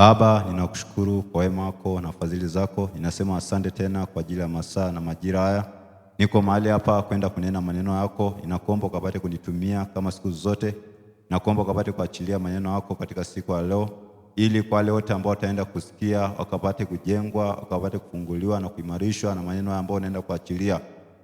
Baba, ninakushukuru kwa wema wako na fadhili zako. Ninasema asante tena kwa ajili ya masaa na majira haya. Niko mahali hapa kwenda kunena maneno yako. Ninakuomba ukapate kunitumia kama siku zote. Nakuomba ukapate kuachilia maneno yako katika siku ya leo, ili kwa wale wote ambao wataenda kusikia wakapate kujengwa, wakapate kufunguliwa na kuimarishwa na maneno ambayo unaenda kuachilia.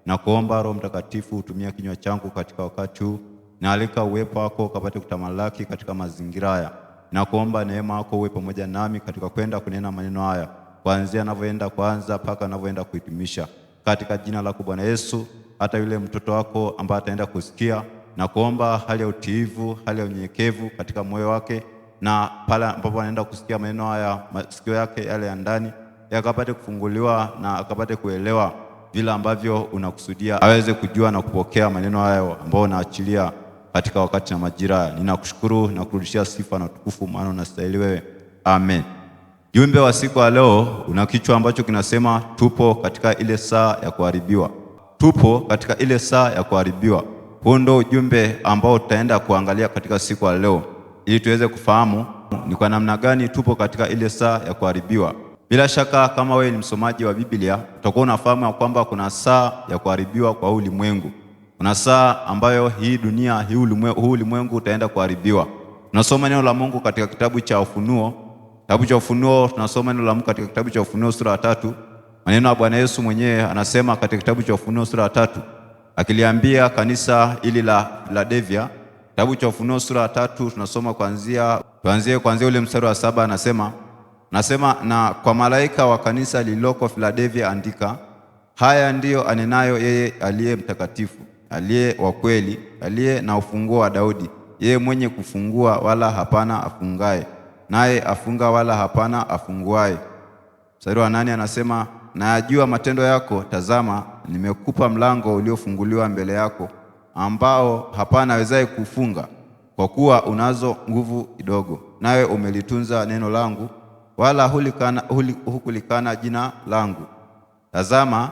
Nakuomba Roho Mtakatifu utumie kinywa changu katika wakati huu, na alika uwepo wako ukapate kutamalaki katika mazingira haya na kuomba neema yako uwe pamoja nami katika kwenda kunena maneno haya, kuanzia anavyoenda kwanza mpaka anavyoenda kuhitimisha, katika jina lako Bwana Yesu. Hata yule mtoto wako ambaye ataenda kusikia na kuomba hali ya utiivu, hali ya unyenyekevu katika moyo wake, na pale ambapo anaenda kusikia maneno haya, masikio yake yale ya ndani yakapate kufunguliwa na akapate kuelewa vile ambavyo unakusudia aweze kujua na kupokea maneno hayo ambayo unaachilia katika wakati na majira. Ninakushukuru na kurudishia sifa na utukufu, maana unastahili wewe. Amen. Jumbe wa siku ya leo una kichwa ambacho kinasema tupo katika ile saa ya kuharibiwa. Tupo katika ile saa ya kuharibiwa. huu ndio ujumbe ambao tutaenda kuangalia katika siku ya leo ili tuweze kufahamu ni kwa namna gani tupo katika ile saa ya kuharibiwa. Bila shaka kama wewe ni msomaji wa Biblia utakuwa unafahamu ya kwamba kuna saa ya kuharibiwa kwa ulimwengu. Kuna saa ambayo hii dunia huu ulimwengu utaenda kuharibiwa. Tunasoma neno la Mungu katika kitabu cha Ufunuo, kitabu cha Ufunuo. Tunasoma neno la Mungu katika kitabu cha Ufunuo sura ya tatu, maneno ya Bwana Yesu mwenyewe anasema katika kitabu cha Ufunuo sura ya tatu, akiliambia kanisa hili la Filadelfia. Kitabu cha Ufunuo sura ya tatu, tunasoma kuanzia tuanzie kuanzia ule mstari wa saba, anasema nasema na kwa malaika wa kanisa lililoko Filadelfia andika, haya ndiyo anenayo yeye aliye mtakatifu aliye wa kweli, aliye na ufunguo wa Daudi, yeye mwenye kufungua wala hapana afungaye, naye afunga wala hapana afunguaye. Mstari wa nane anasema nayajua matendo yako, tazama, nimekupa mlango uliofunguliwa mbele yako, ambao hapana awezaye kufunga, kwa kuwa unazo nguvu kidogo, nawe umelitunza neno langu, wala hulikana, hukulikana jina langu. Tazama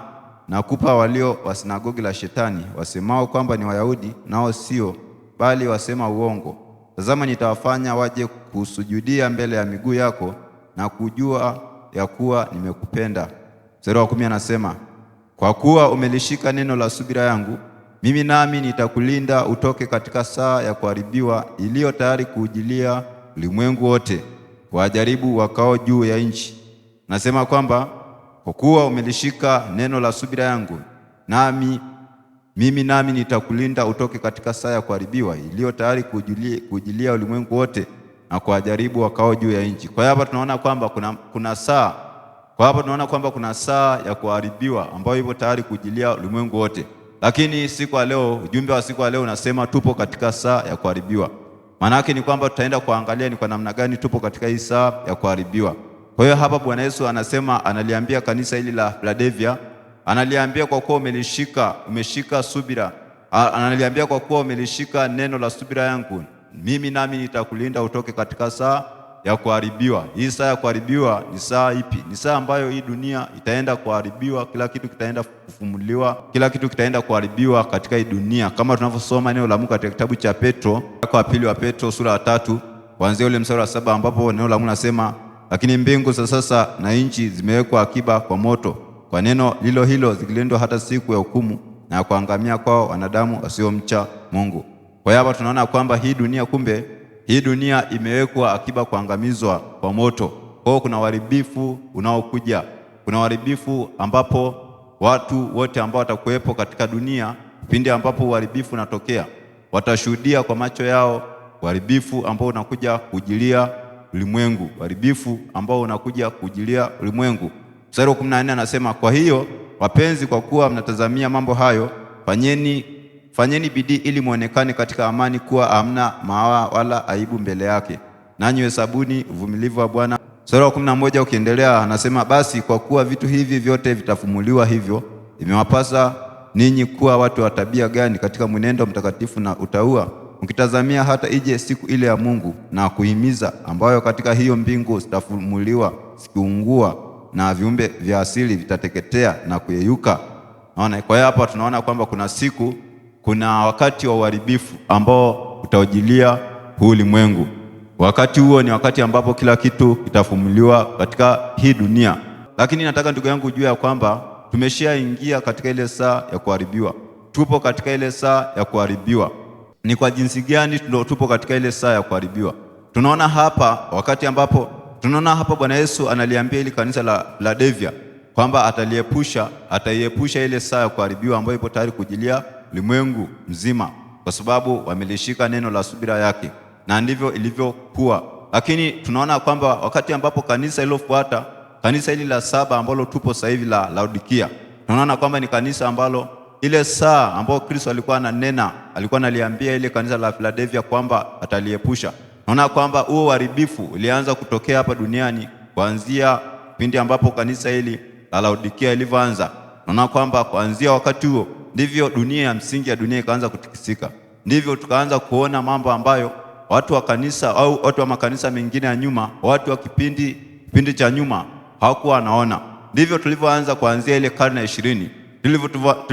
na kupa walio wa sinagogi la Shetani, wasemao kwamba ni Wayahudi nao sio, bali wasema uongo. Tazama, nitawafanya waje kusujudia mbele ya miguu yako na kujua ya kuwa nimekupenda. Mstari wa kumi anasema kwa kuwa umelishika neno la subira yangu, mimi nami nitakulinda utoke katika saa ya kuharibiwa iliyo tayari kuujilia ulimwengu wote, wajaribu wakao juu ya nchi. Nasema kwamba kwa kuwa umelishika neno la subira yangu, nami mimi nami nitakulinda utoke katika saa ya kuharibiwa iliyo tayari kuujilia ulimwengu wote na kuwajaribu wakao juu ya nchi. Kwa hiyo hapa tunaona kwamba kuna, kuna saa kwa hapa tunaona kwamba kuna saa ya kuharibiwa ambayo ipo tayari kuujilia ulimwengu wote, lakini siku ya leo, ujumbe wa siku ya leo unasema tupo katika saa ya kuharibiwa. Maana yake ni kwamba tutaenda kuangalia ni kwa namna gani tupo katika hii saa ya kuharibiwa. Kwa hiyo hapa Bwana Yesu anasema, analiambia kanisa hili la Philadelphia, analiambia kwa kuwa umelishika, umeshika subira, analiambia kwa kuwa umelishika neno la subira yangu, mimi nami nitakulinda utoke katika saa ya kuharibiwa. Hii saa ya kuharibiwa ni saa ipi? Ni saa ambayo hii dunia itaenda kuharibiwa, kila kitu kitaenda kufumuliwa, kila kitu kitaenda kuharibiwa katika hii dunia, kama tunavyosoma neno la Mungu katika kitabu cha Petro, kwa pili wa Petro sura ya tatu kuanzia ule mstari wa saba ambapo neno la Mungu nasema lakini mbingu za sasa na nchi zimewekwa akiba kwa moto, kwa neno lilo hilo zikilindwa hata siku ya hukumu na ya kuangamia kwao wanadamu wasiomcha Mungu. Kwa hiyo hapa tunaona kwamba hii dunia, kumbe hii dunia imewekwa akiba kuangamizwa kwa moto. Kwa hiyo kuna uharibifu unaokuja, kuna uharibifu ambapo watu wote ambao watakuwepo katika dunia pindi ambapo uharibifu unatokea watashuhudia kwa macho yao uharibifu ambao unakuja kujilia ulimwengu, uharibifu ambao unakuja kujilia ulimwengu. Mstari wa 14 anasema, kwa hiyo wapenzi, kwa kuwa mnatazamia mambo hayo, fanyeni fanyeni bidii ili mwonekane katika amani kuwa hamna mawa wala aibu mbele yake, nanyi hesabuni uvumilivu wa Bwana. Sura ya 11 ukiendelea, anasema basi kwa kuwa vitu hivi vyote vitafumuliwa, hivyo imewapasa ninyi kuwa watu wa tabia gani katika mwenendo mtakatifu na utaua mkitazamia hata ije siku ile ya Mungu na kuhimiza, ambayo katika hiyo mbingu zitafumuliwa zikiungua na viumbe vya asili vitateketea na kuyeyuka. Naona kwa hiyo hapa tunaona kwamba kuna siku, kuna wakati wa uharibifu ambao utaojilia huu ulimwengu. Wakati huo ni wakati ambapo kila kitu kitafumuliwa katika hii dunia, lakini nataka ndugu yangu ujue ya kwamba tumeshaingia katika ile saa ya kuharibiwa, tupo katika ile saa ya kuharibiwa ni kwa jinsi gani ndio tupo katika ile saa ya kuharibiwa. Tunaona hapa wakati ambapo tunaona hapa Bwana Yesu analiambia ili kanisa la, la Devia kwamba ataliepusha ataiepusha ile saa ya kuharibiwa ambayo ipo tayari kujilia ulimwengu mzima, kwa sababu wamelishika neno la subira yake, na ndivyo ilivyokuwa. Lakini tunaona kwamba wakati ambapo kanisa ililofuata kanisa hili la saba ambalo tupo sasa hivi la Laodikia, tunaona kwamba ni kanisa ambalo ile saa ambayo Kristo alikuwa ananena, alikuwa analiambia ile kanisa la Philadelphia kwamba ataliepusha. Naona kwamba huo uharibifu ulianza kutokea hapa duniani kuanzia pindi ambapo kanisa hili la Laodikia ilivyoanza. Naona kwamba kuanzia wakati huo ndivyo dunia ya msingi ya dunia ikaanza kutikisika, ndivyo tukaanza kuona mambo ambayo watu wa kanisa au watu wa makanisa mengine ya nyuma, watu wa kipindi kipindi cha nyuma hawakuwa wanaona. Ndivyo tulivyoanza kuanzia ile karne ya ishirini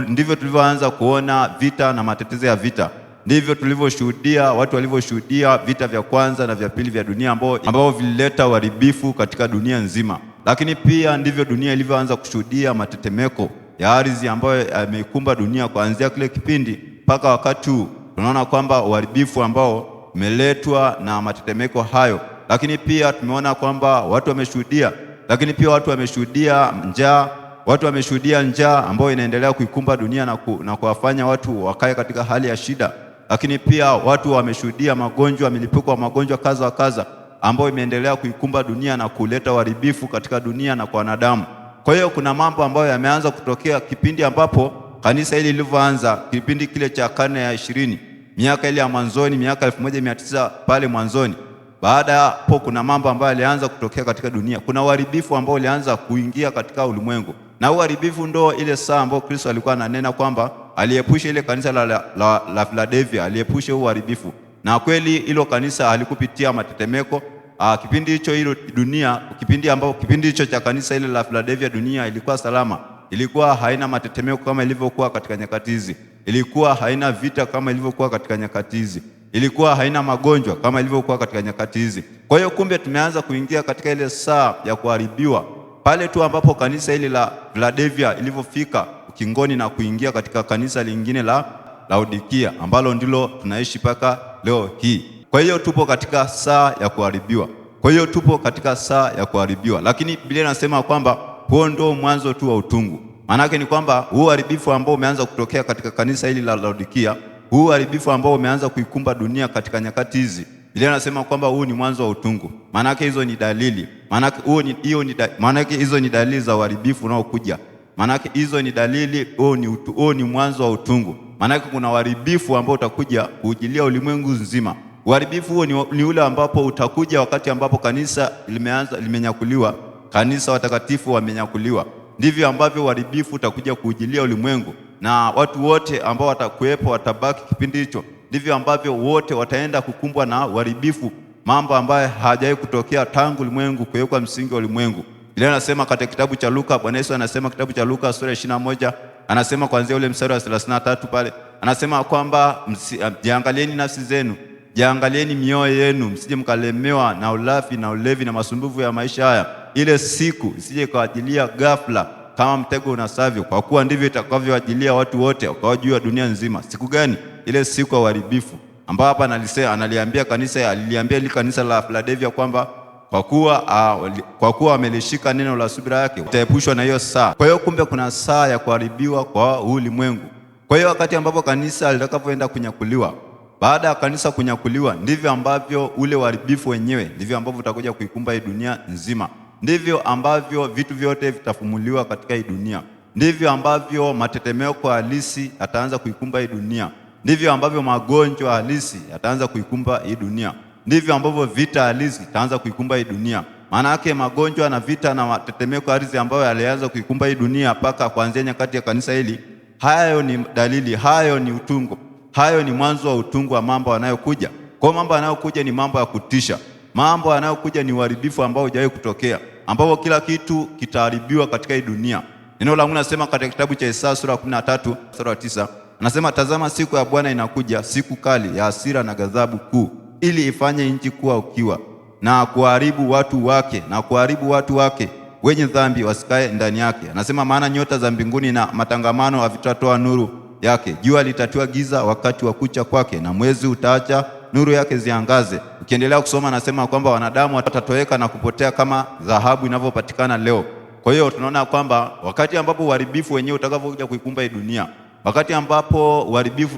ndivyo tulivyoanza kuona vita na matetezo ya vita, ndivyo tulivyoshuhudia watu walivyoshuhudia vita vya kwanza na vya pili vya dunia ambavyo vilileta uharibifu katika dunia nzima, lakini pia ndivyo dunia ilivyoanza kushuhudia matetemeko ya ardhi ambayo yameikumba dunia kuanzia kile kipindi mpaka wakati huu. Tunaona kwamba uharibifu ambao umeletwa na matetemeko hayo, lakini pia tumeona kwamba watu wameshuhudia, lakini pia watu wameshuhudia njaa watu wameshuhudia njaa ambayo inaendelea kuikumba dunia na, ku, na kuwafanya watu wakae katika hali ya shida, lakini pia watu wameshuhudia magonjwa, milipuko wa magonjwa kaza wa kaza ambayo imeendelea kuikumba dunia na kuleta uharibifu katika dunia na kwa wanadamu. Kwa hiyo kuna mambo ambayo yameanza kutokea kipindi ambapo kanisa hili lilivyoanza, kipindi kile cha karne ya ishirini, miaka ile ya mwanzoni, miaka tisa pale mwanzoni. Baada ya hapo, kuna mambo ambayo yalianza kutokea katika dunia, kuna uharibifu ambao ulianza kuingia katika ulimwengu na uharibifu ndo ile saa ambayo Kristo alikuwa ananena kwamba aliepusha ile kanisa la, la, la, la Philadelphia, aliepusha uharibifu. Na kweli ilo kanisa alikupitia matetemeko a, ah, kipindi hicho hilo dunia, kipindi ambapo kipindi hicho cha kanisa ile la Philadelphia, dunia ilikuwa salama, ilikuwa haina matetemeko kama ilivyokuwa katika nyakati hizi, ilikuwa haina vita kama ilivyokuwa katika nyakati hizi ilikuwa haina magonjwa kama ilivyokuwa katika nyakati hizi. Kwa hiyo kumbe, tumeanza kuingia katika ile saa ya kuharibiwa pale tu ambapo kanisa hili la Vladevia ilivyofika ukingoni na kuingia katika kanisa lingine la Laodikia ambalo ndilo tunaishi mpaka leo hii. Kwa hiyo tupo katika saa ya kuharibiwa, kwa hiyo tupo katika saa ya kuharibiwa, lakini Biblia inasema kwamba huo ndio mwanzo tu wa utungu. Maanake ni kwamba huu uharibifu ambao umeanza kutokea katika kanisa hili la Laodikia, huu uharibifu ambao umeanza kuikumba dunia katika nyakati hizi Biblia anasema kwamba huu ni mwanzo wa utungu. Maana hizo ni dalili, maana huo ni hiyo ni maana hizo ni dalili za uharibifu unaokuja. Maana hizo ni dalili, huo ni huo ni mwanzo wa utungu. Maana kuna uharibifu ambao utakuja kuujilia ulimwengu nzima. Uharibifu huo ni, ni ule ambapo utakuja wakati ambapo kanisa limeanza limenyakuliwa, kanisa watakatifu wamenyakuliwa. Ndivyo ambavyo uharibifu utakuja kuujilia ulimwengu, na watu wote ambao watakuwepo watabaki kipindi hicho ndivyo ambavyo wote wataenda kukumbwa na uharibifu, mambo ambayo hajawahi kutokea tangu ulimwengu kuwekwa msingi wa ulimwengu. Biblia anasema katika kitabu cha Luka, Bwana Yesu anasema kitabu cha Luka sura ya moja anasema kuanzia ule mstari wa 33 pale anasema kwamba ah, jiangalieni nafsi zenu, jiangalieni mioyo yenu, msije mkalemewa na ulafi na ulevi na masumbufu ya maisha haya, ile siku isije ikawaajilia ghafla kama mtego unasavyo, kwa kuwa ndivyo itakavyowajilia watu wote wakawajua dunia nzima. Siku gani? ile siku ya uharibifu, ambao hapa analisema analiambia kanisa aliliambia ile kanisa la Philadelphia kwamba kwa kuwa ah, kwa kuwa wamelishika neno la subira yake utaepushwa na hiyo saa. Kwa hiyo kumbe kuna saa ya kuharibiwa kwa ulimwengu. Kwa hiyo wakati ambapo kanisa litakapoenda kunyakuliwa, baada ya kanisa kunyakuliwa, ndivyo ambavyo ule uharibifu wenyewe, ndivyo ambavyo utakuja kuikumba hii dunia nzima, ndivyo ambavyo vitu vyote vitafumuliwa katika hii dunia, ndivyo ambavyo matetemeko halisi ataanza kuikumba hii dunia ndivyo ambavyo magonjwa halisi yataanza kuikumba hii dunia, ndivyo ambavyo vita halisi itaanza kuikumba hii dunia. Maana yake magonjwa na vita na matetemeko ardhi ambayo yalianza kuikumba hii dunia mpaka kuanzia nyakati ya kanisa hili, hayo ni dalili, hayo ni utungo, hayo ni mwanzo wa utungo wa mambo yanayokuja. Kwa mambo yanayokuja ni mambo ya kutisha, mambo yanayokuja ni uharibifu ambao hujawahi kutokea, ambapo kila kitu kitaharibiwa katika hii dunia. Neno la Mungu nasema katika kitabu cha Isaya sura ya 13 sura ya 9 Anasema, tazama siku ya Bwana inakuja, siku kali ya hasira na ghadhabu kuu, ili ifanye nchi kuwa ukiwa na kuharibu watu wake na kuharibu watu wake wenye dhambi wasikae ndani yake. Anasema, maana nyota za mbinguni na matangamano havitatoa nuru yake, jua litatiwa giza wakati wa kucha kwake, na mwezi utaacha nuru yake ziangaze. Ukiendelea kusoma, anasema kwamba wanadamu watatoweka na kupotea kama dhahabu inavyopatikana leo. Kwa hiyo tunaona kwamba wakati ambapo uharibifu wenyewe utakavyokuja kuikumba hii dunia wakati ambapo uharibifu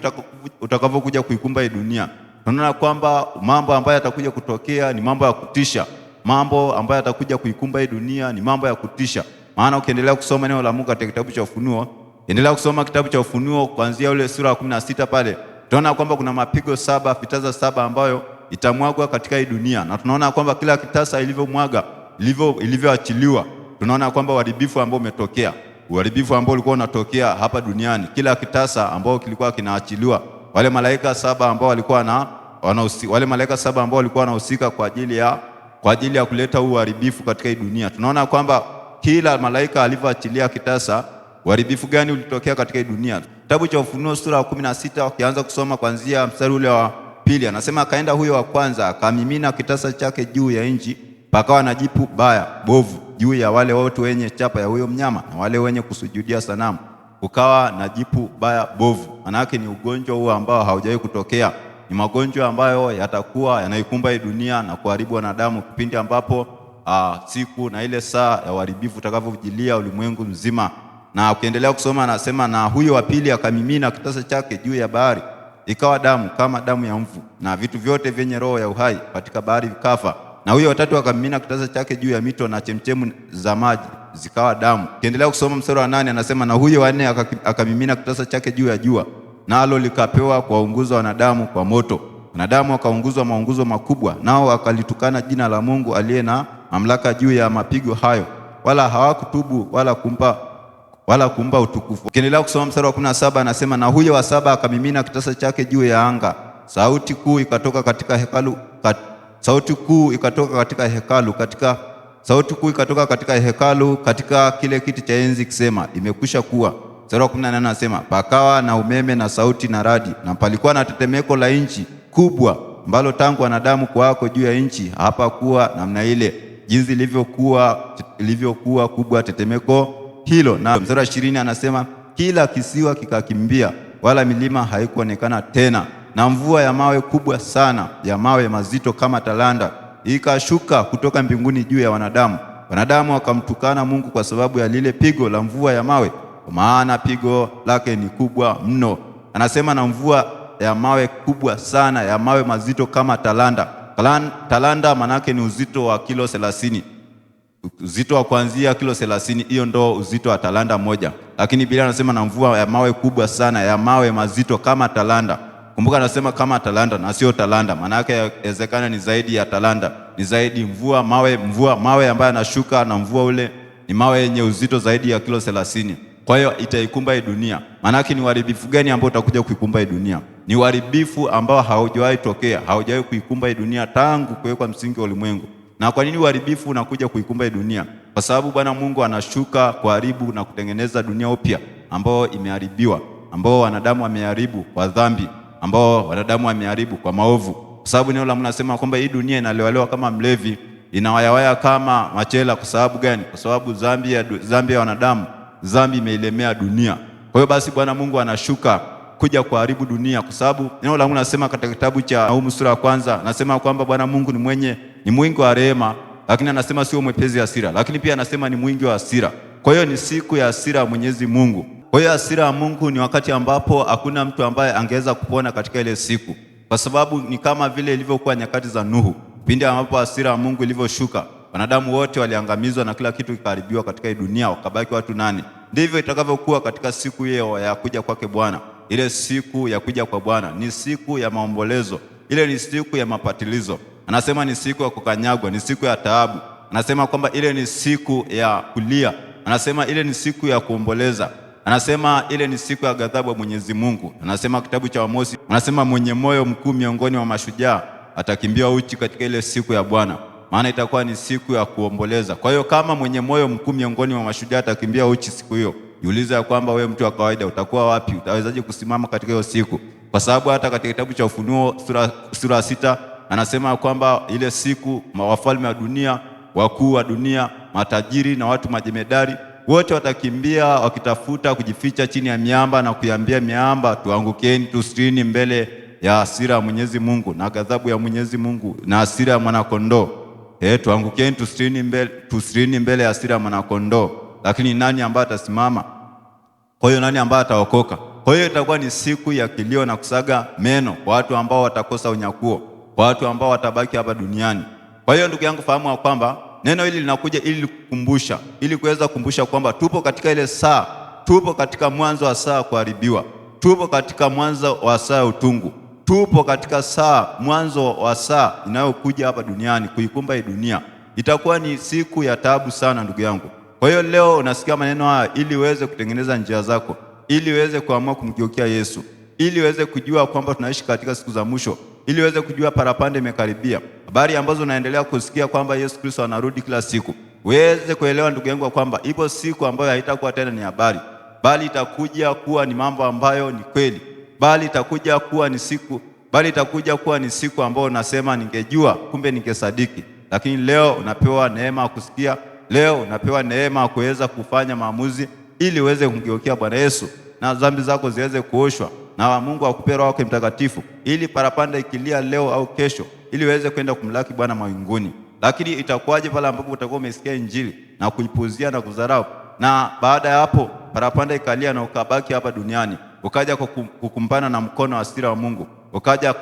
utakavyokuja kuikumba hii dunia. Tunaona kwamba mambo ambayo yatakuja kutokea ni mambo ya kutisha. Mambo ambayo yatakuja kuikumba hii dunia ni mambo ya kutisha, maana ukiendelea kusoma neno la Mungu katika kitabu cha Ufunuo, endelea kusoma kitabu cha Ufunuo kuanzia ule sura ya sita pale, tunaona kwamba kuna mapigo saba, vitasa saba ambayo itamwagwa katika hii dunia, na tunaona kwamba kila kitasa ilivyomwaga ilivyoachiliwa, ilivyo tunaona kwamba uharibifu ambao umetokea uharibifu ambao ulikuwa unatokea hapa duniani, kila kitasa ambao kilikuwa kinaachiliwa, wale malaika saba ambao walikuwa na wale malaika saba ambao walikuwa wanahusika kwa ajili ya, kwa ajili ya kuleta uharibifu katika hii dunia. Tunaona kwamba kila malaika alivyoachilia kitasa, uharibifu gani ulitokea katika hii dunia. Kitabu cha Ufunuo sura ya sita ukianza kusoma kuanzia mstari ule wa pili, anasema akaenda huyo wa kwanza akamimina kitasa chake juu ya nchi, pakawa na jipu baya bovu juu ya wale watu wenye chapa ya huyo mnyama na wale wenye kusujudia sanamu, kukawa na jipu baya bovu. Manake ni ugonjwa huo ambao haujawahi kutokea, ni magonjwa ambayo yatakuwa yanaikumba hii dunia na kuharibu wanadamu kipindi ambapo aa, ah, siku na ile saa ya uharibifu utakavyojilia ulimwengu mzima. Na ukiendelea kusoma anasema, na huyo wa pili akamimina kitasa chake juu ya bahari, ikawa damu kama damu ya mvu, na vitu vyote vyenye roho ya uhai katika bahari vikafa na huyo watatu akamimina kitasa chake juu ya mito na chemchemu za maji zikawa damu. Ukiendelea kusoma mstari wa nane anasema na huyo wanne akamimina kitasa chake juu ya jua nalo na likapewa kuwaunguza wanadamu kwa moto. Wanadamu wakaunguzwa maunguzo makubwa, nao akalitukana jina la Mungu aliye na mamlaka juu ya mapigo hayo, wala hawakutubu wala kumpa wala kumpa utukufu. kiendelea kusoma mstari wa saba anasema na huyo wa saba akamimina kitasa chake juu ya anga, sauti kuu ikatoka katika hekalu kat sauti kuu ikatoka katika hekalu katika sauti kuu ikatoka katika hekalu katika kile kiti cha enzi kisema, imekwisha kuwa. Sura 18 anasema pakawa na umeme na sauti na radi, na palikuwa na tetemeko la nchi kubwa, ambalo tangu wanadamu kuwako juu ya nchi hapakuwa namna ile jinsi ilivyokuwa ilivyokuwa kubwa tetemeko hilo. Na sura 20 anasema kila kisiwa kikakimbia, wala milima haikuonekana tena na mvua ya mawe kubwa sana ya mawe mazito kama talanda ikashuka kutoka mbinguni juu ya wanadamu. Wanadamu wakamtukana Mungu kwa sababu ya lile pigo la mvua ya mawe, kwa maana pigo lake ni kubwa mno. Anasema na mvua ya mawe kubwa sana ya mawe mazito kama talanda. Talanda manake ni uzito wa kilo thelathini, uzito wa kuanzia kilo thelathini. Hiyo ndo uzito wa talanda moja, lakini Biblia anasema na mvua ya mawe kubwa sana ya mawe mazito kama talanda. Kumbuka anasema kama talanta na sio talanta, maana yake yawezekana ni zaidi ya talanta, ni zaidi mvua mawe, mvua mawe ambayo anashuka na mvua ule ni mawe yenye uzito zaidi ya kilo 30. Kwa hiyo itaikumba hii dunia. Maana yake ni uharibifu gani ambao utakuja kuikumba hii dunia? Ni uharibifu ambao haujawahi tokea, haujawahi kuikumba hii dunia tangu kuwekwa msingi wa ulimwengu. Na kwa nini uharibifu unakuja kuikumba hii dunia? Kwa sababu Bwana Mungu anashuka kuharibu na kutengeneza dunia upya ambayo imeharibiwa, ambao wanadamu wameharibu kwa dhambi ambao wanadamu wameharibu kwa maovu, kwa sababu neno la Mungu nasema kwamba hii dunia inalewalewa kama mlevi, inawayawaya kama machela. Kwa sababu gani? Kwa sababu dhambi ya, dhambi ya wanadamu, dhambi imeilemea dunia. Kwa hiyo basi Bwana Mungu anashuka kuja kuharibu dunia, kwa sababu neno la Mungu nasema katika kitabu cha Naumu sura ya kwanza, nasema kwamba Bwana Mungu ni mwenye ni mwingi wa rehema, lakini anasema sio mwepezi hasira, lakini pia anasema ni mwingi wa hasira. Kwa hiyo ni siku ya hasira ya Mwenyezi Mungu. Kwa hiyo hasira ya Mungu ni wakati ambapo hakuna mtu ambaye angeweza kupona katika ile siku, kwa sababu ni kama vile ilivyokuwa nyakati za Nuhu, pindi ambapo hasira ya Mungu ilivyoshuka, wanadamu wote waliangamizwa na kila kitu kikaharibiwa katika hii dunia, wakabaki watu nane. Ndivyo itakavyokuwa katika siku hiyo ya kuja kwake Bwana. Ile siku ya kuja kwa Bwana ni siku ya maombolezo, ile ni siku ya mapatilizo. Anasema ni siku ya kukanyagwa, ni siku ya taabu. Anasema kwamba ile ni siku ya kulia, anasema ile ni siku ya kuomboleza. Anasema ile ni siku ya ghadhabu ya Mwenyezi Mungu. Anasema kitabu cha Amosi, anasema mwenye moyo mkuu miongoni mwa mashujaa atakimbia uchi katika ile siku ya Bwana, maana itakuwa ni siku ya kuomboleza. Kwa hiyo kama mwenye moyo mkuu miongoni mwa mashujaa atakimbia uchi siku hiyo, jiuliza ya kwamba wewe mtu wa kawaida utakuwa wapi? Utawezaje kusimama katika hiyo siku? Kwa sababu hata katika kitabu cha Ufunuo sura, sura sita anasema kwamba ile siku mawafalme wa dunia, wakuu wa dunia, matajiri na watu majemedari wote watakimbia wakitafuta kujificha chini ya miamba na kuiambia miamba, tuangukeni tusitini mbele ya hasira ya Mwenyezi Mungu na ghadhabu ya Mwenyezi Mungu na hasira ya mwanakondoo. Eh, tuangukeni tusitini mbele, tusitini mbele ya hasira ya mwanakondoo. Lakini nani ambaye atasimama? Kwa hiyo nani ambaye ataokoka? Kwa hiyo itakuwa ni siku ya kilio na kusaga meno kwa watu ambao watakosa unyakuo, kwa watu ambao watabaki hapa duniani. Kwa hiyo ndugu yangu, fahamu kwamba Neno hili linakuja ili kukumbusha, ili kuweza kukumbusha kwamba tupo katika ile saa, tupo katika mwanzo wa saa kuharibiwa, tupo katika mwanzo wa saa ya utungu, tupo katika saa, mwanzo wa saa inayokuja hapa duniani kuikumba hii dunia. Itakuwa ni siku ya taabu sana, ndugu yangu. Kwa hiyo leo unasikia maneno haya ili uweze kutengeneza njia zako, ili uweze kuamua kumgeukia Yesu, ili uweze kujua kwamba tunaishi katika siku za mwisho, ili uweze kujua parapanda imekaribia habari ambazo unaendelea kusikia kwamba Yesu Kristo anarudi kila siku, uweze kuelewa ndugu yangu kwamba ipo siku ambayo haitakuwa tena ni habari, bali itakuja kuwa ni mambo ambayo ni kweli, bali itakuja kuwa ni siku, bali itakuja kuwa ni siku ambayo unasema ningejua, kumbe ningesadiki. Lakini leo unapewa neema ya kusikia, leo unapewa neema ya kuweza kufanya maamuzi ili uweze kumgeukia Bwana Yesu na dhambi zako ziweze kuoshwa na Mungu akupe Roho wake Mtakatifu ili parapanda ikilia leo au kesho ili uweze kwenda kumlaki Bwana mawinguni. Lakini itakuwaje pale ambapo utakuwa umesikia injili na kuipuzia na kudharau, na baada ya hapo parapanda ikalia na ukabaki hapa duniani, ukaja kukumbana na mkono wa hasira wa Mungu, ukaja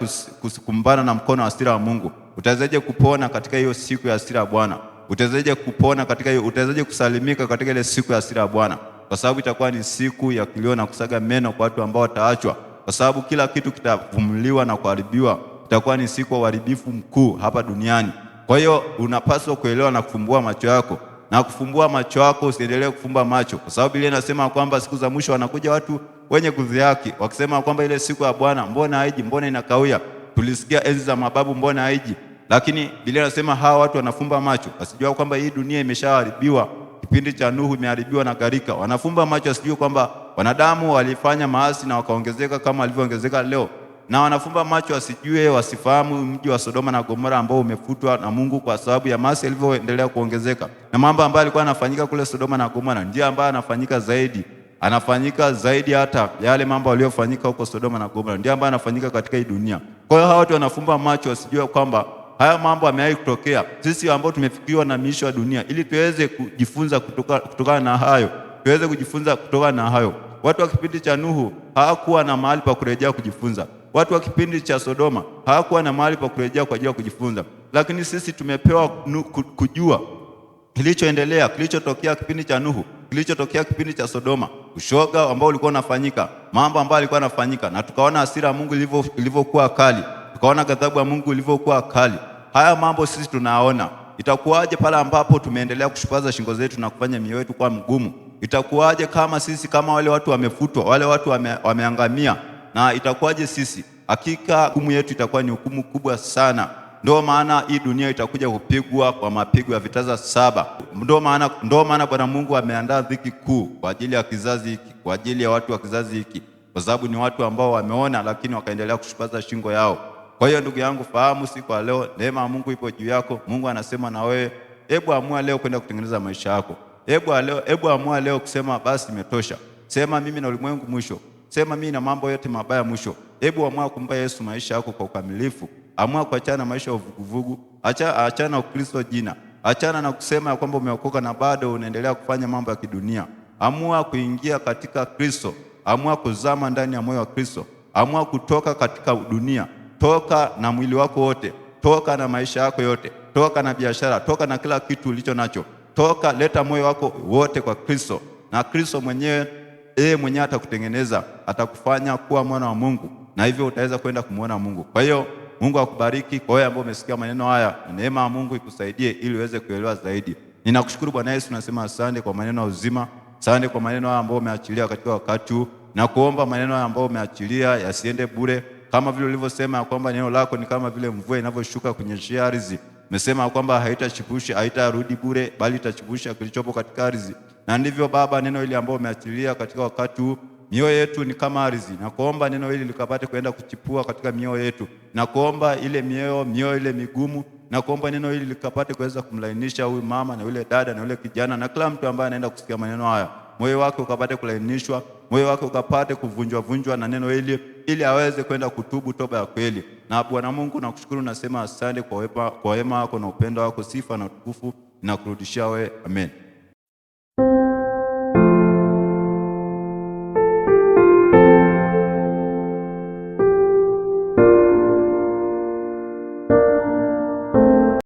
kukumbana na mkono wa hasira wa Mungu? Utawezaje kupona katika hiyo siku ya hasira ya Bwana? Utawezaje kupona katika hiyo? Utawezaje kusalimika katika ile siku ya hasira ya Bwana? Kwa sababu itakuwa ni siku ya kilio na kusaga meno kwa watu ambao wataachwa, kwa sababu kila kitu kitavumliwa na kuharibiwa utakuwa ni siku ya uharibifu mkuu hapa duniani. Kwa hiyo unapaswa kuelewa na kufumbua macho yako na kufumbua macho yako, usiendelee kufumba macho, kwa sababu Biblia inasema kwamba siku za mwisho wanakuja watu wenye kudhihaki wakisema kwamba ile siku ya Bwana mbona haiji, mbona inakawia? Tulisikia enzi za mababu, mbona haiji? Lakini Biblia inasema hawa watu wanafumba macho, wasijua kwamba hii dunia imeshaharibiwa. Kipindi cha Nuhu imeharibiwa na gharika. Wanafumba macho, wasijue kwamba wanadamu walifanya maasi na wakaongezeka kama walivyoongezeka leo na wanafumba macho wasijue wasifahamu mji wa Sodoma na Gomora ambao umefutwa na Mungu kwa sababu ya maasi yalivyoendelea kuongezeka, na mambo ambayo alikuwa anafanyika kule Sodoma na Gomora ndio ambayo anafanyika zaidi, anafanyika zaidi hata yale mambo yaliyofanyika huko Sodoma na Gomora ndio ambayo anafanyika katika hii dunia. Kwa hiyo hawa watu wanafumba macho wasijue kwamba haya mambo yamewahi kutokea. Sisi ambao tumefikiwa na miisho ya dunia, ili tuweze kujifunza kutokana na hayo, tuweze kujifunza kutokana na hayo Watu wa kipindi cha Nuhu hawakuwa na mahali pa kurejea kujifunza. Watu wa kipindi cha Sodoma hawakuwa na mahali pa kurejea kwa ajili ya kujifunza, lakini sisi tumepewa kujua kilichoendelea, kilichotokea kipindi cha Nuhu, kilichotokea kipindi cha Sodoma, ushoga ambao ulikuwa unafanyika, mambo ambayo yalikuwa yanafanyika, na tukaona hasira ya Mungu ilivyokuwa kali, tukaona ghadhabu ya Mungu ilivyokuwa kali. Haya mambo sisi tunaona, itakuwaje pale ambapo tumeendelea kushupaza shingo zetu na kufanya mioyo yetu kuwa mgumu? itakuwaje kama sisi kama wale watu wamefutwa, wale watu wame, wameangamia na itakuwaje sisi? Hakika hukumu yetu itakuwa ni hukumu kubwa sana. Ndio maana hii dunia itakuja kupigwa kwa mapigo ya vitaza saba. Ndio maana ndio maana Bwana Mungu ameandaa dhiki kuu kwa ajili ya kizazi hiki, kwa ajili ya watu wa kizazi hiki, kwa sababu ni watu ambao wameona, lakini wakaendelea kushupaza shingo yao. Kwa hiyo ndugu yangu, fahamu siku ya leo neema ya Mungu ipo juu yako. Mungu anasema na wewe, hebu amua leo kwenda kutengeneza maisha yako. Hebu amua leo kusema basi imetosha. Sema mimi na ulimwengu mwisho. Sema mimi na mambo yote mabaya mwisho. Hebu amua kumpa Yesu maisha yako kwa ukamilifu. Amua kuachana na maisha ya uvuguvugu. Acha achana na Ukristo jina. Achana na kusema kwamba umeokoka na bado unaendelea kufanya mambo ya kidunia. Amua kuingia katika Kristo. Amua kuzama ndani ya moyo wa Kristo. Amua kutoka katika dunia. Toka na mwili wako wote, toka na maisha yako yote, toka na biashara, toka na kila kitu ulicho nacho toka, leta moyo wako wote kwa Kristo, na Kristo mwenyewe yeye mwenyewe atakutengeneza, atakufanya kuwa mwana wa Mungu, na hivyo utaweza kwenda kumwona Mungu. Kwa hiyo Mungu akubariki. Kwa wewe ambao umesikia maneno haya, neema ya Mungu ikusaidie ili uweze kuelewa zaidi. Ninakushukuru Bwana Yesu, nasema asante kwa maneno ya uzima, asante kwa maneno haya ambayo umeachilia katika wakati huu, na kuomba maneno haya ambayo umeachilia yasiende bure, kama vile ulivyosema ya kwamba neno lako ni kama vile mvua inavyoshuka kunyeshea ardhi mesema kwamba haitachipusha, haitarudi bure, bali itachipusha kilichopo katika ardhi. Na ndivyo Baba, neno hili ambao umeachilia katika wakati huu mioyo yetu ni kama ardhi, na kuomba neno hili likapate kwenda kuchipua katika mioyo yetu, na kuomba ile mioyo mioyo ile migumu, na kuomba neno hili likapate kuweza kumlainisha huyu mama na yule dada na yule kijana na kila mtu ambaye anaenda kusikia maneno haya, moyo wake ukapate kulainishwa, moyo wake ukapate kuvunjwa vunjwa na neno hili ili aweze kwenda kutubu toba ya kweli. Na Bwana Mungu, nakushukuru nasema asante kwa wema wako na upendo wako, sifa na utukufu na kurudishia wewe, amen.